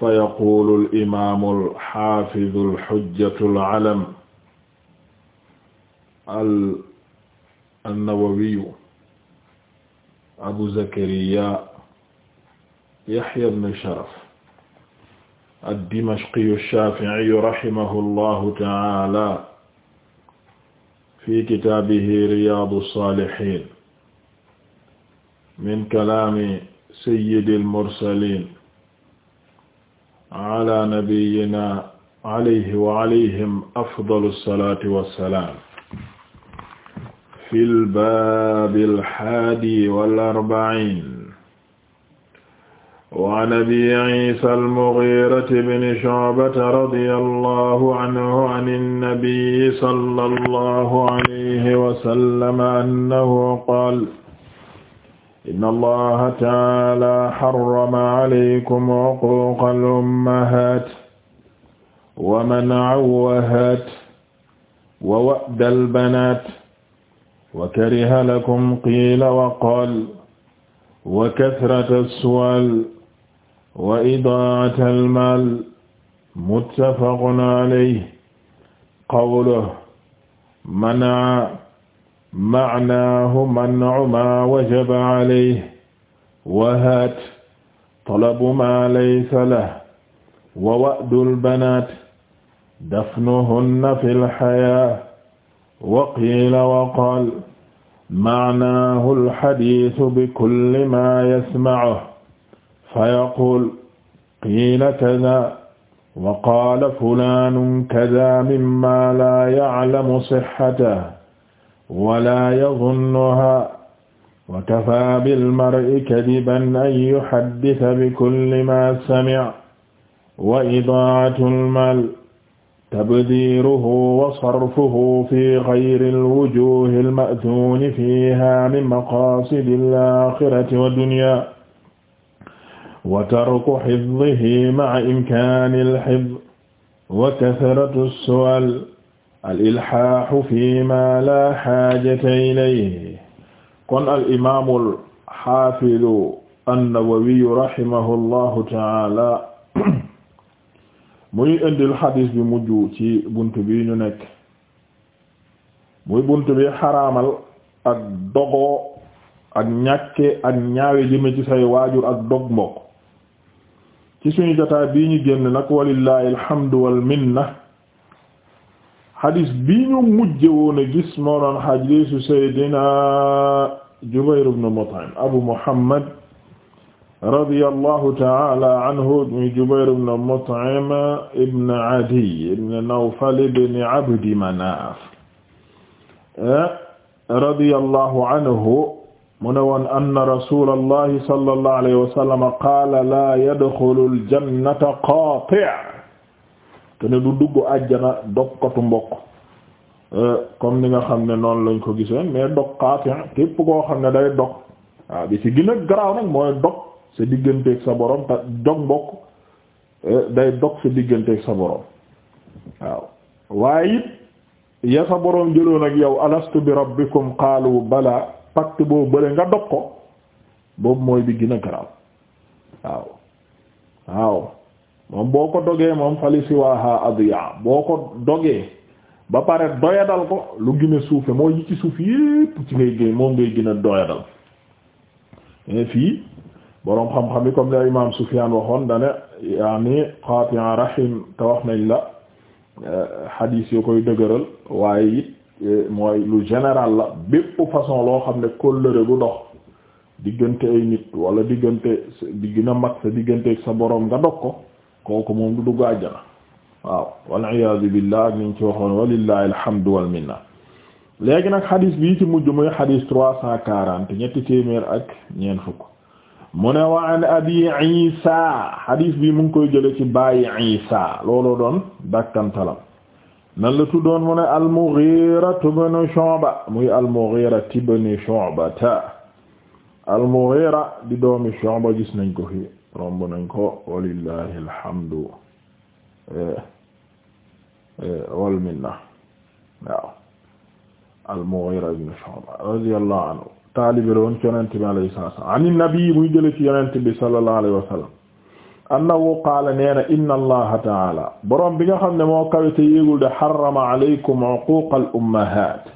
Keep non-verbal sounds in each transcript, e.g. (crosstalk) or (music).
fa yaqulu alimaamu alxafidu alxujjatu alalam annawawiyu abu zakariya yaxya ibn sharaf addimashqiyu alshafiiyu rahimahu allahu taala fi kitaabihi riyaadu saalihiin min kalaami sayyidi almursaliin ala nabiyyina alayhi wa alayhim afdalu salaati wa salaam. fil baabil haadi wal arba'iin. wa an abi Iisaa al-Mughiirati ibn Shu'bata radiyallahu anhu an an-nabiyyi sallallahu alayhi wa sallam annahu qaala inna allaha taala harrama alaykum uquuqa al-ummahaat wa man'awahaat wa wa'da al-banaat wa kariha lakum qiila wa qaal wa kasrata as-su'aal wa idaa'ata al-maal muttafaqun alayhi qawluhu man'a maanaahu mancu maa wajaba alayhi wahaat talabu maa laysa lahu wa wa'dul banaat dafnuhunna fil hayaa wa qiila wa qaal maanaahu alhadiisu bikulli maa yasmacuhu fayaquul qiila kazaa wa qaala fulaanun kazaa mimmaa laa ya'lamu sihhatahu wala yadunnuha wa kafa bilmari kadiban an yuhaddisa bikulli ma sami'a wa idaa'atul maal tabdiiruhu wa sarfuhu fi xayril wujuuhil ma'zuuni fiihaa min maqaasidil aaxirati wa dunyaa wa tarku hifdihi ma'a imkaanil hifdi wa kasratus su'aal al ilhaahu fi ma la xaajata ilayhi kon al imaamul xaafidu annawawiyu rahimahu allahu taala muy indil xadis bi mujj ci buntu bi ñu nekk muy buntu bi xaraamal ak dogoo ak ñàkke ak ñaawe jëme ci say waajur ak dog mbokk ci suñu jotaay bii ñu génn nag walillahi alhamdu wal minna xadis bi ñu mujje woon a gis moo doon xadisu saydina Jubayr ibn Mut'im Abu Muhammad radiyallahu ta'ala anhu mi Jubayr ibn Mut'im ibn Adiy ibn Nawfal ibn Abd Manaf eh, radiyallahu anhu mu ne woon anna rasulallahi sallallahu alayhi wa sallam qaala la yadxulu al-jannata qaati' te ne du dugg àjjana dokkatu mbokk euh, comme ni nga xam ne noonu lañ ko giseen mais dog xaatin képp koo xam ne day dog waaw bi ci gën a garaaw nag mooy dog sa digganteeg sa boroom te dog euh, day dog sa digganteeg sa borom waaw waaye it ya sa borom jëloon ak yow alastu bi rabbikum qaalu bala pacte boobu bële nga dog ko boobu mooy bi gina a garaaw waaw waaw moom boo ko dogee moom fali siwaha adiya boo ko dogee ba pare doyadal ko lu gën a suufe moo yi ci suuf yépp ci ngay gën moom ngay gën a doyadal mais fii boroom xam-xam yi comme la imam Sufyan waxoon dane yaani qati'a rahim te wax nañ la hadith eh, yo koy dëgëral waaye it eh, mooy lu général la bépp façon loo xam ne kóllëre bu dox diggante ay nit wala diggante di gën a mag sa digganteeg sa boroom nga dog ko kooku moom du dugg àjjana waaw waliyasu billah ak niñ ci waxoon walillahi alhamdu wal minna léegi nag xadis bii ci mujj muy xadis trois cent quarante ñetti téeméer ak ñeen fukk mu ne wa an abi isa bi mu ngi koy jële ci bàyyi isa looloo doon dakkantalam nan la tuddoon mu ne al-Mughira ibn muy al-Mughira ibn Shu'ba ta al-Mughira di doomi Shu'ba gis nañ ko fii romb nañ ko walillahi alhamdu eh, eh, wal minna waaw al-Mughira ibn Shu'ba radiyallahu anhu taalibe la woon ci yonente bi alayhi salaatu an nabi muy jële ci yonente bi sallallahu alayhi wa sallam annahu qaala nee na inna allaha taala boroom bi nga xam ne moo kawite yéegul de xarama alaykum uquuqal ummahaat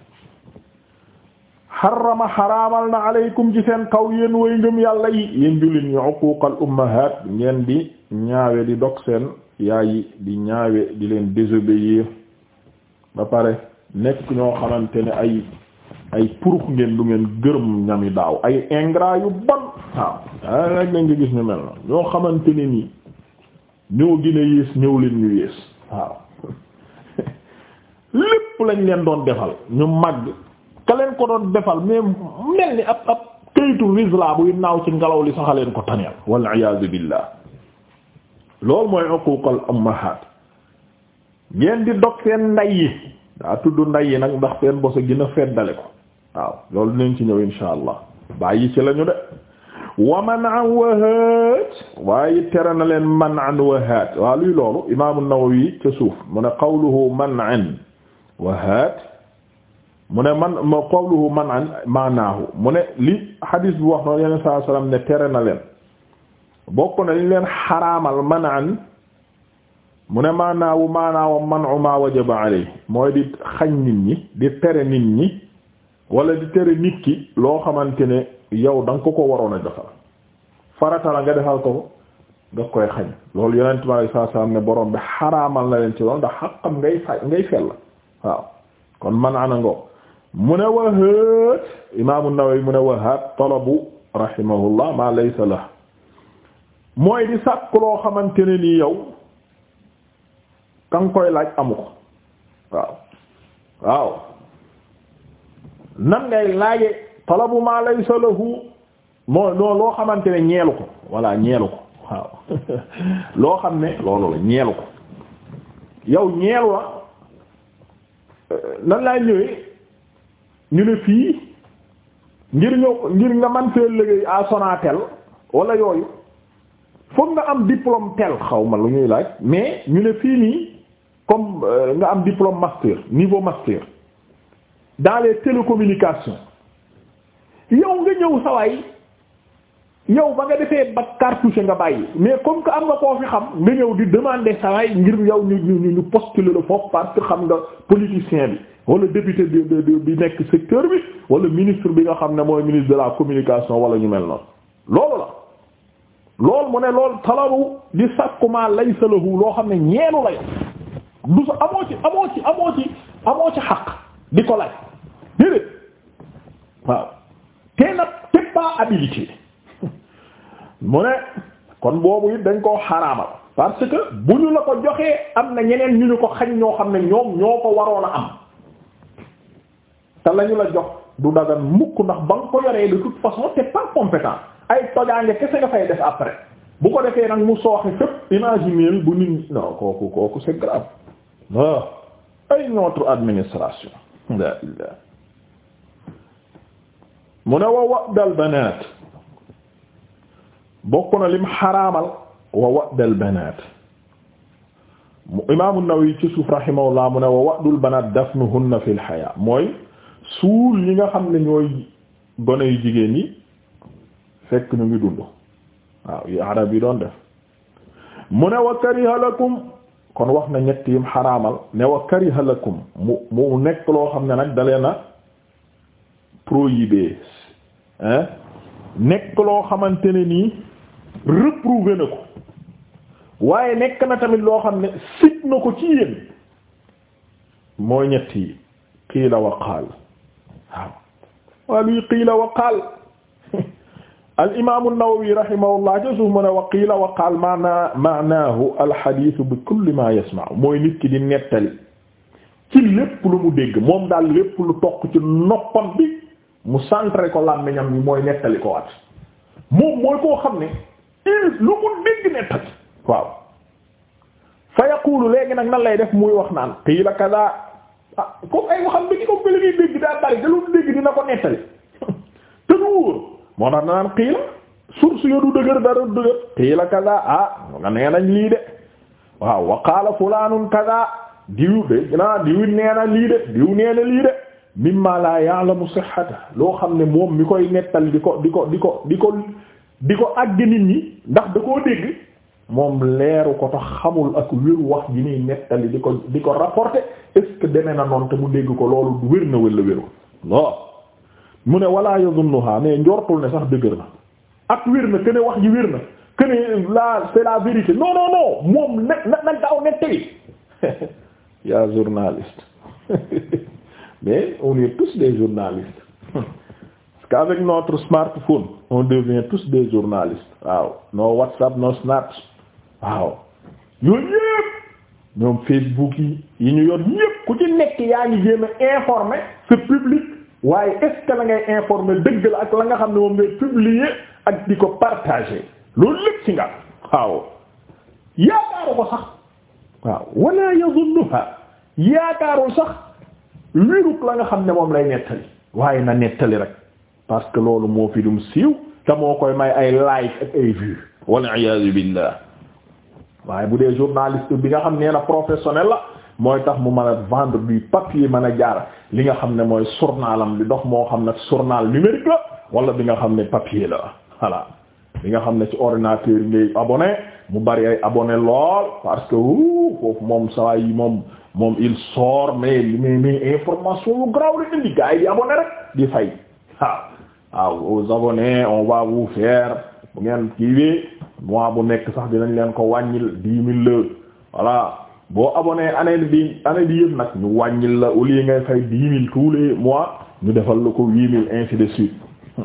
xarama xaraamal na aleykum ci seen kaw yéen way yàlla yi yéen jullit ñi uquuqal ummahaat ngeen di ñaawe di dog seen yaay di ñaawe di leen désobéir ba pare nekk ñoo xamante ne ay ay purux ngeen du ngeen gërëm ñami ay ingrat yu bon waaw a rek lañ nga gis ñu mel na ñoo xamante ne nii ñoo gën a yées ñëw leen ñu yées waaw (laughs) lépp lañ leen doon defal ñu màgg ka leen ko doon defal mais mel ni ab ab këyitu risla buy naaw ci ngelaw li sax leen ko taneel wal iyaazu billaah loolu mooy uquuqal ummahaat ngeen di dog seen nday yi daa tudd nday yi nag ndax seen bosa gën a feddale ko waaw loolu dinañ ci ñëw insha allah bàyyi ci lañu de wa manan wahaat waaye tere na leen manan wahaat waa luy loolu imaamu Nawawi ca mu ne qawluhu manan wahaat mu ne man ma qawluhu man an maanaahu mu ne li hadis bi wax noonu yeneen saa salaam ne tere na leen bokk na li leen xaraamal man an mu ne maanaahu maanaahu manu maa wajaba alayhi mooy di xañ nit ñi di tere nit ñi wala di tere nit ki loo xamante ne yow da nga ko ko waroon a defal farata la nga defal ko nga koy xañ loolu yeneen tubaab yi saa salaam ne borom bi xaraamal na leen ci loolu ndax xaqam ngay fay ngay fel la waaw kon man ana ngoo mu ne wahat imaamu Nawawi mu ne wahat talabu rahimahullah ma laysa la mooy di sàkk loo xamante ni nii yow ka koy laaj amu ko waaw waaw nan ngay laaje talabu ma laysa lahu moo noonu loo xamante ne ñeelu ko walla ñeelu ko waaw (laughs) loo xam ne loolu la ñeelu ko yow ñeelu la nan laa ñëwee ñu ne fii ngir ñëw ngir nga man fee liggéey à Sonatel wala yooyu foog nga am diplôme tel xaw ma lu ñuy laaj mais ñu ne fii nii comme euh, nga am diplôme master niveau master dans les yow nga ñëw sawaay yow ba nga defee ba cartouche nga bàyyi mais comme que am nga koo fi xam nga ñëw di demander salaire ngir yow ñu ñu ñu postuler la foofu parce que xam nga politicien bi wala député bi bi nekk secteur bi wala ministre bi nga xam ne mooy ministre de la communication wala ñu mel noonu loolu la loolu mu ne loolu talabu di sàkkuma laysa lahu loo xam ne ñeenu la yow du sa amoo ci amoo ci amoo ci amoo ci xaq di ko laaj déedéet waaw te nag t'es pas habilité mu ne kon boobu it dañ koo xaraamal parce que bu ñu la ko joxee am na ñeneen ñu ñu ko xañ ñoo xam ne ñoom ñoo ko waroon a am te lañu la jox du dagan mukk ndax ba nga ko yoree de toute façon c'est pas compétent ay tojaange kese nga fay def après bu ko defee nag mu sooxe fépp imaginer bu nit non kooku kooku c'est grave waaw ah ay notre administration la ilah mu ne wa wa dal bokk na lim xaramal wa wa'dal banaat imaamu yi ci suuf rahimahullah mu ne wa wa'dul banaat dafnuhunna fil hayaa mooy suul yi nga xam ne ñooy gone yu jigéen yi fekk ñu ngi dund waaw yi arab yi doon def mu ne wa kariha lakum kon wax na ñett yim xaraamal ne wa kariha lakum mu mu nekk loo xam ne nag dalee na prohibé hein nekk loo xamante ne nii réprouvé na ko waaye nekk na tamit loo xam ne sit na ko ci yéen mooy ñett yi qiila wa qaal waaw waa luy qiila wa qaal (laughs) al imaamu Nawawi rahimahullah ca suuf mu ne wa qiila wa qaal maana maanaahu alxadiisu bi kulli maa yasma'u mooy nit ki di nettali ci lépp lu mu dégg moom daal lépp lu toq ci noppam bi mu centré ko làmmiñam bi mooy nettali ko waat moom mooy koo xam ne lu dégg nettali waaw fa yaqulu léegi nag nan lay def muy wax naan qiila kadaa ah ay waxam bi ci comme li muy dégg daa bari da lu dégg dina ko nettali (laughs) te du wóor moo tax naan qiila source yo du dëgër dara du dëgër qiila kadaa ah nga nee lii de waaw wa qaala kadaa diw de naa diw nee na lii de diw nee lii de mimma la ya'lamu sihhata loo xam ne moom mi koy nettali di ko di ko di ko di ko di ko àgg nit ñi ndax da koo dégg moom leeru ko tax xamul ak wéru wax ji nii nettali di ko di ko rapporter est deme na noonu te mu dégg ko loolu wér na wala wérul non mu ne wala yazunnuha mais njortul ne sax dëgër na ak wér na kene wax ji wér na kene la c'est la vérité non non non moom na na na gaaw nettali (laughs) yaa journaliste (laughs) mais on est tous des journalistes (laughs) parce qu'avec notre smartphone on devient tous des journalistes waaw no WhatsApp no Snap waaw yooyu yëpp ñoom Facebook yi yi ñu yor ñëpp ku ci nekk yaa ngi jéem a informer ce public waaye est la ngay informer dëgg la ak la nga xam ne moom ngay publier ak di ko partager loolu lépp ci nga waaw yaakaaru ko sax waaw wala yazunnuha yaakaarul sax wérug la nga xam ne moom lay nettali waaye na nettali rek parce que loolu moo fi dum siiw te moo koy may ay like ak ay vue wal waaye bu dee journaliste bi nga xam nee na professionnel la mooy tax mu mën a vendre du papier mën a jaar li nga xam ne mooy journalam bi ndox moo xam ne journal numérique la wala bi nga xam ne papier la voilà bi nga xam ne ci ordinateur ngay abonné mu bari ay abonné lool parce que wu foofu moom saa yi moom moom il sort mais mais mais information yu graw la indi di abonné rek fay waaw aux abonnés on va vous faire bu ngeen kiiwee mois bu nekk sax dinañ leen ko wàññil dix mille la voilà boo abonné année bi année bi yëpp nag ñu wàññil la au ngay fay dix mille tous les mois ñu defal la ko huit mille ainsi de suite (laughs)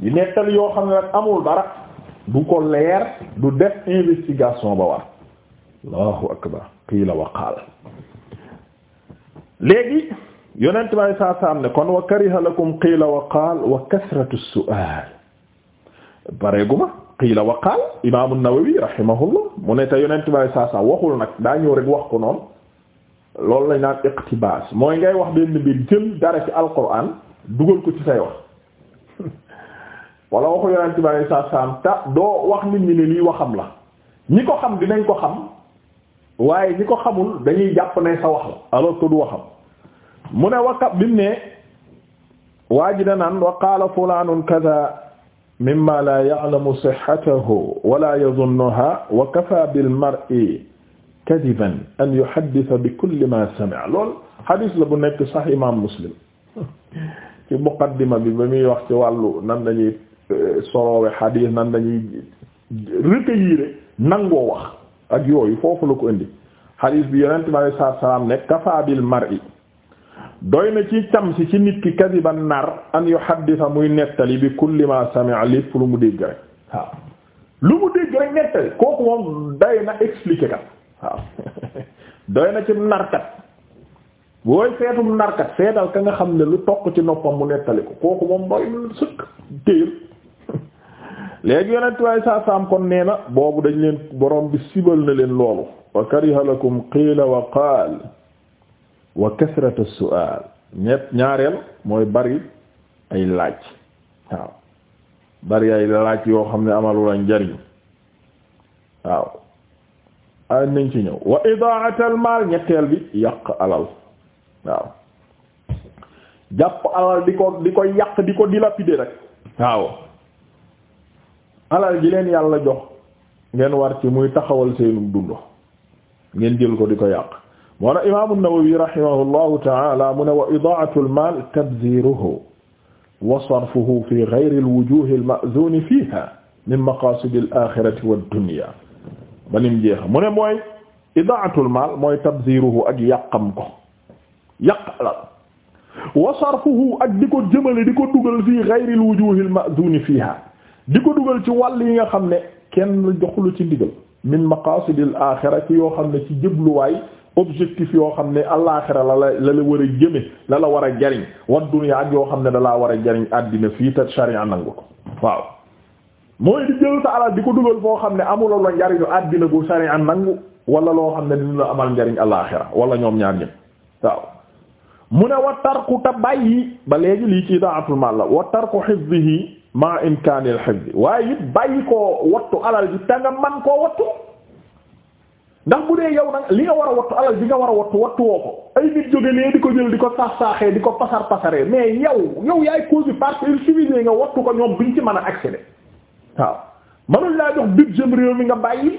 di nettal yoo xam ne nag amul dara du ko leer du def investigation ba war allahu akbar qiila wa qaala léegi yonent bay saa saam ne kon wa kariha lakum qiila wa qaal wa kasratu su'aal bareeguma qiila wa qaal nawawi rahimahullah mu ne te yonent bay saa saam waxul nag daa ñëw rek wax ko noonu loolu lañ naan iqtibaas mooy ngay wax benn mbir jël dara ci alquran dugal ko ci say wax (laughs) wala waxu yonent bay saa saam ta doo wax nit ñi ne lii waxam la ñi ko xam dinañ ko xam waaye ñi ko xamul dañuy jàpp ne sa wax la alors que du waxam mu ne wakka bi mu ne waa ji danaan wa qaala fulaanun kaza mimma la ya'lamu sihhatahu wa la yadhunnuha wa kafa bil mar'i kadiban an yuhaddisa bi kulli ma sami'a lool hadis la bu nekk sax imaam muslim (laughs) ci muqaddima bi ba muy wax ci wàllu nan lañuy euh, soroowe hadis nan lañuy recueillir nangoo wax ak yooyu foofu la ko indi hadis bi yonent bi alayhi salaam nekk kafa bil mar'i doy na ci tamsi ci nit ki kadiban nar an yuhaddisa muy nettali bi kulli ma sami'a lépp lu mu dégg rek waaw lu mu dégg rek nettali kooku moom doy na expliquer kat waaw (laughs) doy na ci narkat booy seetum narkat seetal ka nga xam ne lu toq ci noppam mu nettali ko kooku moom doy na sëkk téer (laughs) léegi yonent waaye saa saam kon nee na boobu dañ leen borom bi sibal na leen loolu wa kariha lakum qiila wa qaal wa kasratu su'al ñett ñaareel mooy bari ay laaj waaw bari ay laaj yoo xam ne amalu la njariñ waaw a nañ ci ñëw wa idaa'at al ñetteel bi yàq alal waaw jàpp alal di ko di ko yàq di ko dilapider rek waaw alal ji leen yàlla jox ngeen war ci muy taxawal seenu dund ngeen jël ko di ko yàq moo na imaamu Nawawi rahimahullahu ta'ala mu ne wa idaa'atu al-maal tabziiruhu wa sarfuhu fi ghayri al-wujuuhi al-ma'zuuni fiihaa min maqaasidi al-aaxirati wad-dunyaa banim jeexa mu ne mooy idaa'atu al-maal mooy tabziiruhu ak yàqam ko yàq la wa sarfuhu ak di ko jëmale di ko dugal fii ghayri al-wujuuhi al-ma'zuuni fiihaa di ko dugal ci wàll yi nga xam ne kenn joxulu ci ndigal min maqaasidi al-aaxirati yoo xam ne ci jubluwaay objectif yoo xam ne allaaxira la la la war a jëme la la war a jariñ wat duniyaa ak yoo xam ne dalaa war a jariñ àddina fii te sharia nangu ko waaw mooy di jël sa alal di ko dugal foo xam ne amuloo la njariñu àddina bu sharia nangu wala loo xam ne dina la amal njariñ allaaxira wala ñoom ñaar ñëpp waaw mu ne wa tarku ta bàyyi ba léegi lii ci daatul mal la wa tarku hifzihi ma imkaanil hifzi waaye it bàyyi koo wattu alal ji te man koo wattu ndax bu dee yow nag li nga war a wattu alal bi nga war a wattu wattu ko ay nit jóge lee di ko jël di ko saax saaxee di ko pasar pasaree mais yow yow yaay cause bi parce que il suffisait nga wattu ko ñoom duñ ci man a accéder waaw mënuñ laa jox budget réew mi nga bàyyi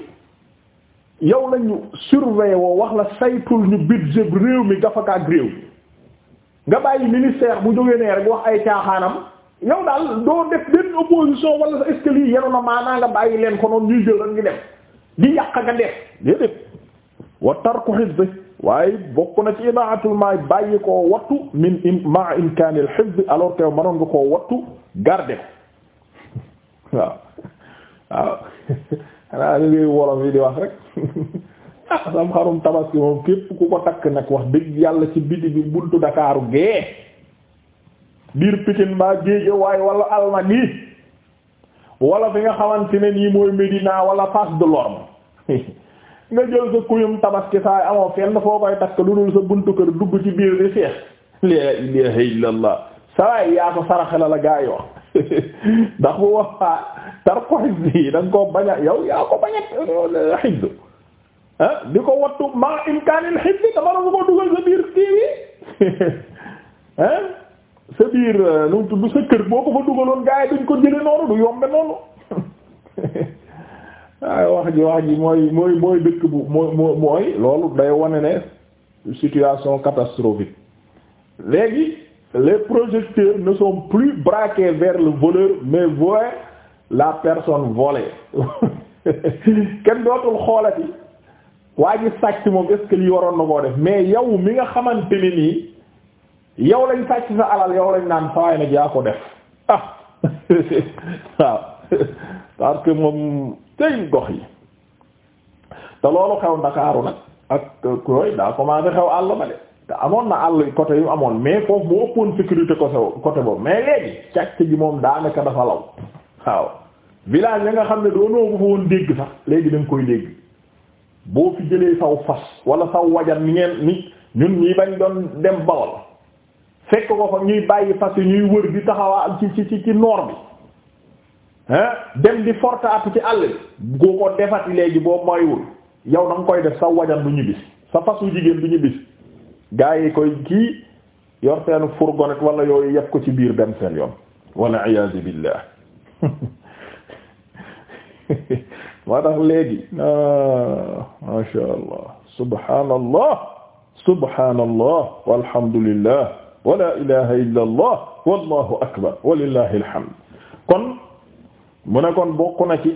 yow lañu surveiller woo wax la saytul ñu bit budget réew mi gafakaak réew nga bàyyi ministère bu jógee nee rek wax ay caaxaanam yow daal doo def benn opposition wala est-ce lii yenu na maanaa nga bàyyi leen ko noonu ñuy jël rek ñu dem di yàq nga def wa tarku hifz waaye bokk na ci idaatul maay bàyyi koo wattu min ma imkaani al hifz alors que nga koo wattu garder ko waaw waaw xanaa li ngay wolof yi di wax rek ah sam xarum tabaski moom képp ku ko takk nag wax dëgg yàlla ci biti bi buntu Dakaaru gee biir Pikine ba géeje waaye wala alma nii wala fi nga xamante ne nii mooy Médina wala Fass Delorme (laughs) nga jël sa kuyum tabaski saay amoo fenn foo koy takk lu dul sa buntu kër dugg ci biir di fees (laughs) la ilaha illallah yaa ko saraxela la gaa yi wax (laughs) ndax bu waxaa tar ko xisbi da ko bañ a yow yaa ko bañ a xisb ah di ko wattu ma imkaanil xisbi dama la ko dugal sa biir kii bi ah? sa biir euh, nu mu sa kër boo ko fa dugaloon gaa yi duñ ko jële noonu du yombe noonu waaye (laughs) wax ji wax ji mooy mooy mooy dëkk bu mooy mooy loolu day wane ne situation catastrophique léegi les projecteurs ne sont plus braqués vers le voleur mais voient la personne volée (laughs) kenn dootul xoolati waa ji sàcc moom est waroon na koo def mais yow mi nga xamante nii yow lañ sàcc sa alal yow lañ naan sawaay nag yaa ko def ah (laughs) waaw parce que moom tey gox yi te loolu xew ndakaaru nag ak yooyu daa commencé xew àll ba de te amoon na àll côté yu amoon mais foofu bu ëppoon sécurité côté boobu mais léegi càcc gi moom daanaka dafa law waaw village ya nga xam ne doonoo ko fa woon dégg sax léegi da koy dégg boo fi jëlee saw fas wala saw wajan ni ngeen ni ñun ñii bañ doon dem Bawol fekk ko fa ñuy bàyyi fas yi ñuy wër bi taxawaa ci ci ci ci noor bi hein dem di fortaatu ci àll bi koo ko defati léegi boo moywul yow da koy def sa wajan du ñu bis sa fasu jigéen du ñu bis gaa yi koy kii yorteenu seen fourgonnette wala yooyu yëpp ko ci biir dem seen yoon wala iyaazu billah (laughs) moo tax léegi ah, ma sha allah subhanallah walhamdulillah wala ilaha illa allah wallahu akbar walillahi alhamd kon mu ne kon bokk na ci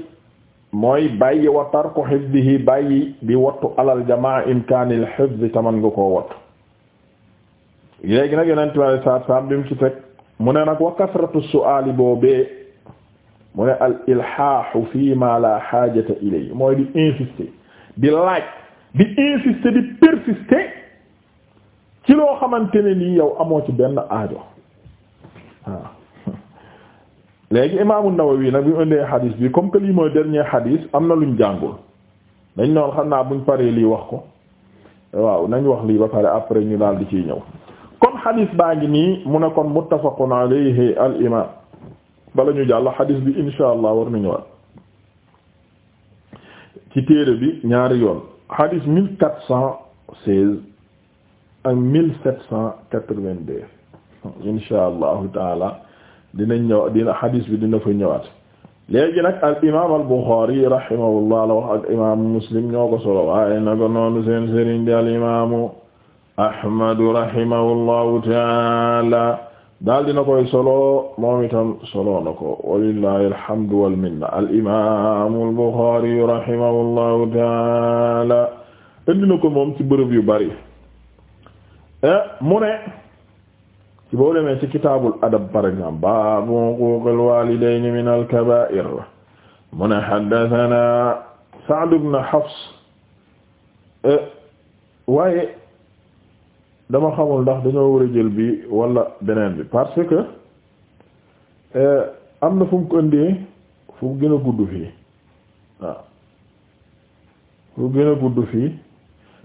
mooy bàyyi wa tarku hifdihi bàyyi di wattu alal jamaa imkaani al hifd taman nga koo wattu léegi nag yonent bi alei saatu salaam bi mu ci ne nag wa kasratu su'aali boobee mu ne al fi ma la xaajata ilay mooy di insister di laaj di ci loo xamante ne nii yow amoo ci benn aajo waaw léegi imaamu an wii nag bi mu indee xadiis bi comme que lii mooy dernier xadiis am na luñ jàngul dañ noonu xam naa buñ paree lii wax ko waaw nañ wax lii ba pare après ñu daal di ciy ñëw kon xadiis baa ngi nii mu ne kon muttafaqun alayhi al imaam bala ñu jàll xadiis bi insha allah war nañu war ci téere bi ñaari yoon xadiis mille quatre ak mille sept cent quatre-vingt-deux insha allahu taala dina ñëw dina xadiis bi dina fa ñëwaat léegi nag al imaam al Buxaari rahimahullah la wax ak Muslim ñoo ko solo waaye na ko noonu seen sëriñ di al imaamu Ahmadu rahimahullahu taala daal dina koy solo moom solo na ko walillahi alhamdu wal minna al imaamu al Buxaari rahimahullahu taala indi na ko moom ci bërëb yu bari Eh, mu ne ci boo demee ci kitaabul adab par exemple baabu huquuqil waalidayni min al-kabaa'ir mu ne haddathanaa Sa'd ibn Hafs eh, waaye dama xamul ndax dañoo war a jël bi walla beneen bi parce que eh, am na fu mu ko indee fu gën a gudd fii waaw fu gën a gudd fii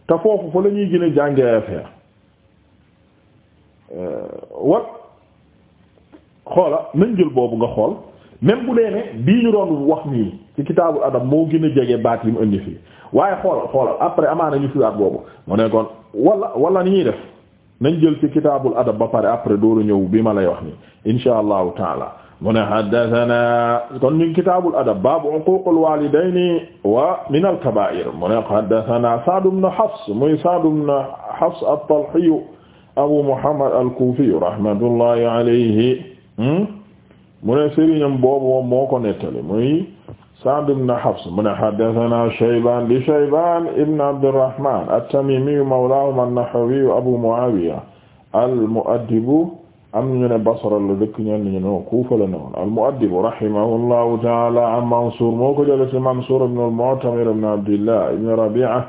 te foofu fa la ñuy gën a jàngee affaire Euh, wat xoola nañ jël boobu nga xool même bu dee ne bii ñu doon wax nii ci kitaabul adab moo gën a jege baat yi mu indi fii waaye xoolal xoolal après amaana ñu fiwaat boobu mu ne kon wala wala ni ñuy def nañ jël ci kitaabul adab ba pare après dooru ñëw bi ma lay wax nii insha allahu taala mu ne haddathana kon ñu kitaabul adab baabu uququl walidayni wa min al kaba'ir mu ne haddathana Sa'd ibn Hafs muy Sa'd ibn Hafs at-Talhi abu muhammad al-kufi rahmatullahi alayhi hmm? mu ne sëriñam boobu moom moo ko nettali muy sa'd ibn hafs mu ne haddathana shayban di shayban ibn abdurrahman at-tamimi mawlahum an-nahawi abu muawiya al-mu'addibu am ñu ne basra la dëkk ñen ñu ne kufa la newoon al-mu'addibu rahimahullahu ta'ala an mansur moo ko jële ci mansur ibn al-mu'tamir ibn abdillah ibn rabi'a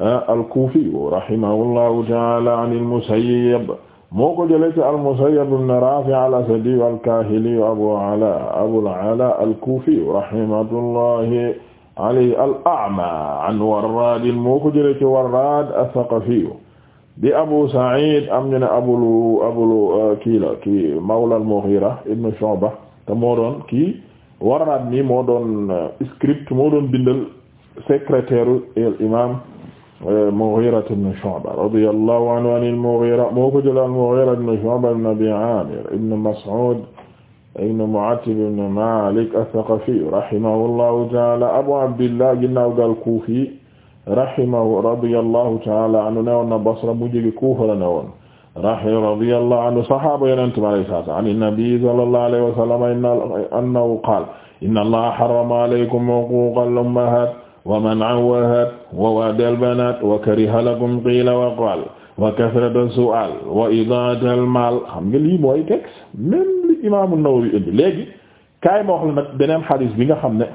Ah, al-Kufi rahimahullahu ta'ala an al-Musayyib moo ko jëlee ci al-Musayyib ibn Rafi' al-Asadi al-Kahili Abu Ala Abu al-Ala al-Kufi rahimatullahi alayhi al-A'ma an Warrad moo ko jëlee ci Warrad ath-Thaqafi di Abu Sa'id am ñu ne abulu abulu ah, kii la kii mawla al-Mughira ibn Shu'ba te moo doon kii Warrad mi moo doon ah, script moo doon bindal secrétaire al-imam Mughira ibn Shu'ba radiyallahu anhu an al-Mughira moo ko jëlee al-Mughira ibn Shu'ba ibn Abi Amir ibn Mas'ud ibn Mu'attib ibn Malik ath-Thaqafi rahimahullahu ta'ala Abu Abdillah ginnaaw gal Kufi rahimahu radiyallahu ta'ala anhu newoon na Basra mu jóge Kufa la newoon radiyallahu anhu sahaaba Yonent bi alayhi salaatu an an-nabi sallallahu alayhi wa sallam annahu qaala inna Allaha harrama alaykum uquuqa al-ummahaat wa man awahat wa waadal banaat wa kariha lakum qiila wa qaal wa kasrata su'aal wa idaatal maal xam nga lii mooy texte même li imaamu Nawawi indi léegi kaay ma wax la nag beneen xadiis bi nga xam ne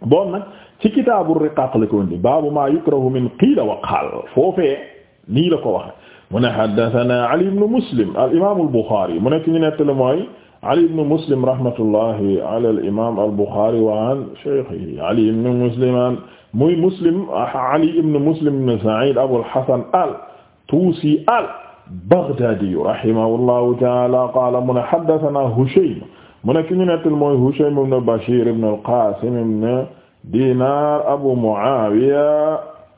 boobu nag ci kitaabu riqaaq la ko indi baabu maa yukrahu min qiila wa qaal foofee nii la ko waxe mu ne haddasanaa Ali ibn Muslim al imaamul Buxaari mu nekk ñu nettali mooy. Ali ibn Muslim rahmatullahi ala al-imam al-Bukhari wa an shaykhihi Ali ibn Muslim muy Muslim Ali ibn Muslim ibn Sa'id Abul Hasan al-Tusi al-Baghdadi rahimahullahu ta'ala qala mun haddathana Hushaym mu nekk ñu nettal mooy Hushaym ibn Bashir ibn al-Qasim ibn Dinar Abu Muawiya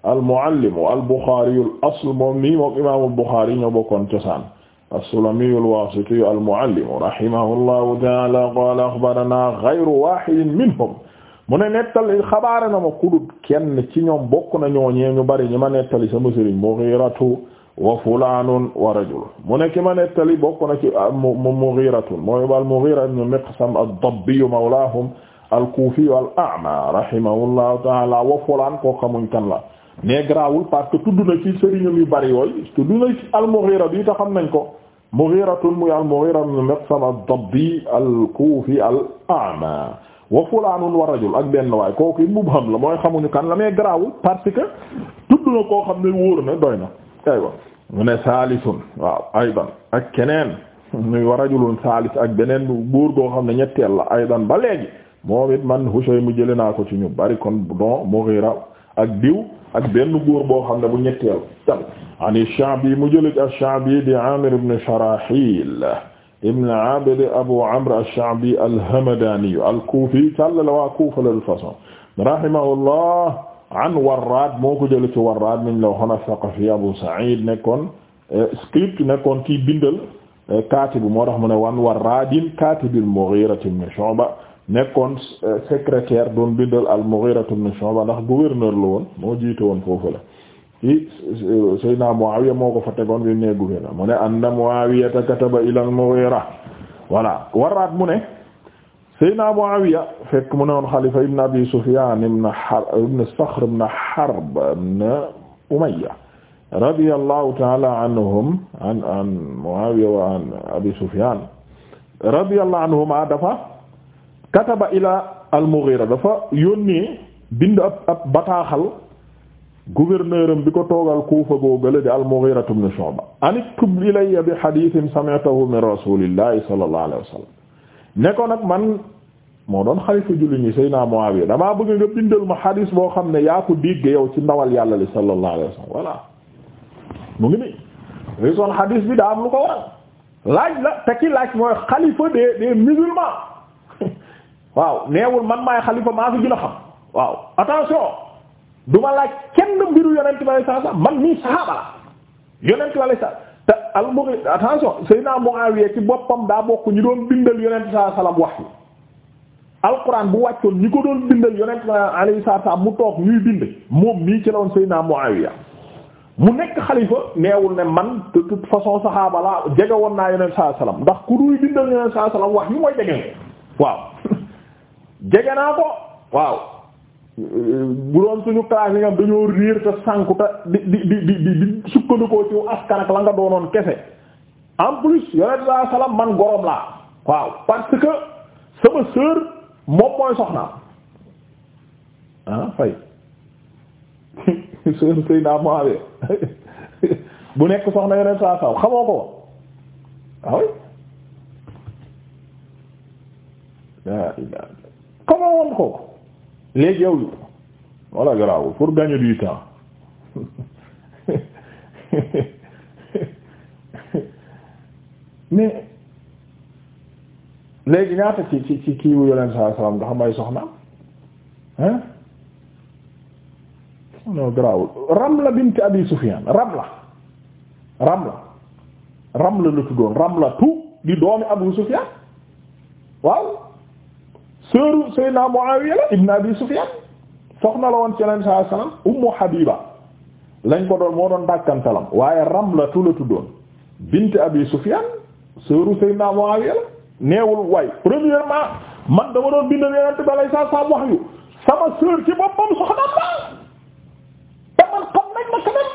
al-Muallim al-Bukhari al-asl moom mi moom imam al-Bukhari ñoo bokkoon cosaan as-Sulamiyu al-Wasitiyu al-Muallimu rahimahullahu ta'ala qala akhbarana ghayru wahidin minhum mu ne nettali xabaara na ma kudut kenn ci ñoom bokk na ñooñee ñu bari ñi ma nettali sama sëriñ Mughiratu wa fulaanun wa rajul mu ne ki ma nettali bokk na ci ah, Mughiratun mooy al-Mughira ibn Miqsam ad-Dabbiyu mawlaahum al-Kufiyu al-A'ma rahimahullahu ta'ala wa fulaan ko xamuñ kan la mais grawul parce que tudd na ci sëriñam yu bari yooyu tudd na ci al-Mughira bi ta xam nañ ko Mughiratun muy al-Mughira ibn Mitsam ad-Dabbi al-Kufi al-A'ma wo fulaanun wa rajul ak benn waay kooku mubham la mooy xamuñu kan la mais garaawul parce que tudd na koo xam ne wóor na doy na aywa mu ne saalisun waaw aydan ak keneen muy wa rajulun saalis ak beneen buur boo xam ne ñetteel la aydan ba léegi moom it man Hushaym mu jëlee naa ko ci ñu bari kon don Mughira ak diw ak benn buur boo xam ne bu ñetteel tamit an Sha'bi mu jël ci Sha'bi di Amir ibn Sharahil ibn Abd Abu Amr Sha'bi al-Hamadani al-Kufi càll la waa Kufa la de façon rahimahullah an Warrad moo ko jël ci Warrad min la waxoon as-Saqafi Abu Sa'id nekkoon eh, script nekkoon kii bindal eh, kaatib moo tax mu ne wan Warradin kaatib al-Mughira ibn Shu'ba nekkoon eh, secrétaire doon bindal al-Mughira ibn Shu'ba ndax gouverneur la woon moo jiite woon foofu la ci Seydina Muawiya moo ko fa tegoon bi ne gouverneur mu ne anna Muawiya kataba ila al-Mughira voilà waraat mu ne Seydina Muawiya fekk mu ne woon xalifa ibn Abi Sufyan ibn Harb ibn Sakhr ibn Harb ibn Umayya radiyallahu ta'ala anhum an an Muawiya wa an Abi Sufyan radiyallahu anhuma dafa kataba ila al-Mughira dafa yónnee bind ab ab bataaxal gouverneur am bi ko toogal Kuufa googale di al-Mughira ibn Shu'ba aniktub ilayya bi hadithin sami'tahu min rasulillahi sallallahu alayhi wa sallam ne ko nag man moo doon xalifa julli ñi Seydina Muawiya damaa bëgg nga bindal ma hadis boo xam ne yaa ko dégg yow ci ndawal yàlla li sallallahu alayhi wa mu ngi nii raison hadis bi daa am lu ko waral laaj la te ki laaj mooy xalifa des des musulmans (laughs) waaw neewul man maay xalifa maa fi gën a xam waaw attention du ma laaj kenn mbiru yonent bi alayhi salaam man mii saxaaba la yonent bi alayhi salaam te al mu attention Seydina Muawiya ci boppam daa bokk ñu doon bindal yonent bi alayhi salaam wax yi alquran bu wàccoon ñi ko doon bindal yonent bi alayhi salaam mu toog ñuy bind moom mii ci la woon Seydina Muawiya mu nekk xalifa neewul ne man de toute façon saxaaba la jege woon naa yonent bi alayhi ndax ku duy bindal yonent bi alayhi salaam wax yi mooy jege waaw (laughs) jege naa ko waaw. bu doon suñu classe yi nga dañoo réer te sànku te di di di di di sukkandikoo ci askan ak la nga doonoon kese en plus yonent bi alayhi man gorom laa waaw parce que sama sœur moom mooy soxnaam ah fay (laughs) sœur Seydina Muawiya (laughs) bu nekk soxna yonent bi alayhi xamoo ko waaw ah, xamoo woon ko léegi yow walla garaawul pour gagner du temps mais léegi ñaata ci ci ci kiiwu yonent saa salaam nga xam ay soxna hein non garaawul Ramla bint Abi Sufyan Ramla Ramla Ramla la tuddoon Ramla tu di doomi Abu Sufyan waaw sœuru Seydina Muawiya la ibn Abi Sufyan soxna la woon ci Yonent sallallahu alayhi wasallam Ummu Habiba lañ ko Abi Sufyan sœuru Seydina Muawiya la neewul way premièrement man dama doon bindal Yonent bi alayhi salaam wax yu sama sœur ci boppam soxna la te man xam ma kanam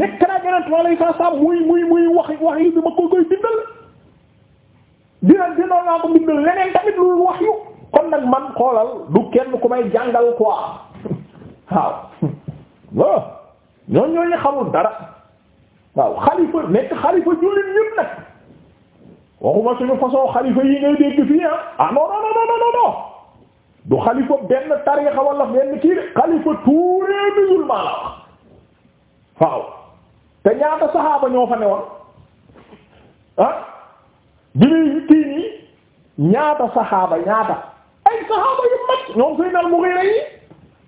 nekk naa Yonent bi alayhi salaam muy muy muy wax wax yi bi ma ko koy bindal dina dina naa ko bindal leneen tamit lu wax yu kon nag man xoolal du kenn ku may jàngal quoi waaw waaw ñooñu ñooñu xamul dara waaw xalifa nekk xalifa jullit ñun nag waxuma suñu façon xalifa yi ngay dégg fii ah, ah non non non non non du xalifa benn tarixa wala benn kii de xalifa tous les waaw te ñaata saxaaba ñoo fa newoon ah. bi ñuy ñaata saxaaba ñaata ay saxaaba yu mag ñoom Seydina Mughira yi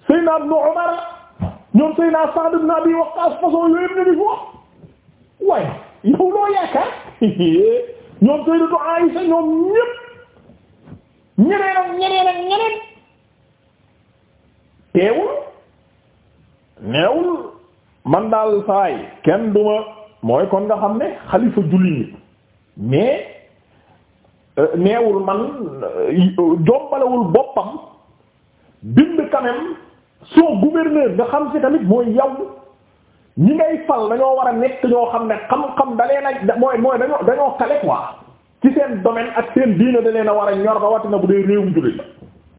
Seydina Ibn Umar ñoom Seydina Sa'd ibn Abi Waqqas façon yooyu yëpp ñu ngi fi waaye yow loo yaakaar (laughs) ñoom Sayyidatu Aisha ñoom ñëpp ñeneen ak ñeneen ak ñeneen teewul neewul man saay kenn duma mooy kon nga xam ne xalifa julli mais. neewul man euh, jombalewul boppam bind quand même son gouverneur nga xam ci tamit mooy yow ñi ngay fal dañoo war a nekk ñoo xam ne xam-xam dalee na mooy mooy dañoo dañoo kale quoi ci seen domaine ak seen diine da leen a war a ñor ba wati na bu dee réewum jullit la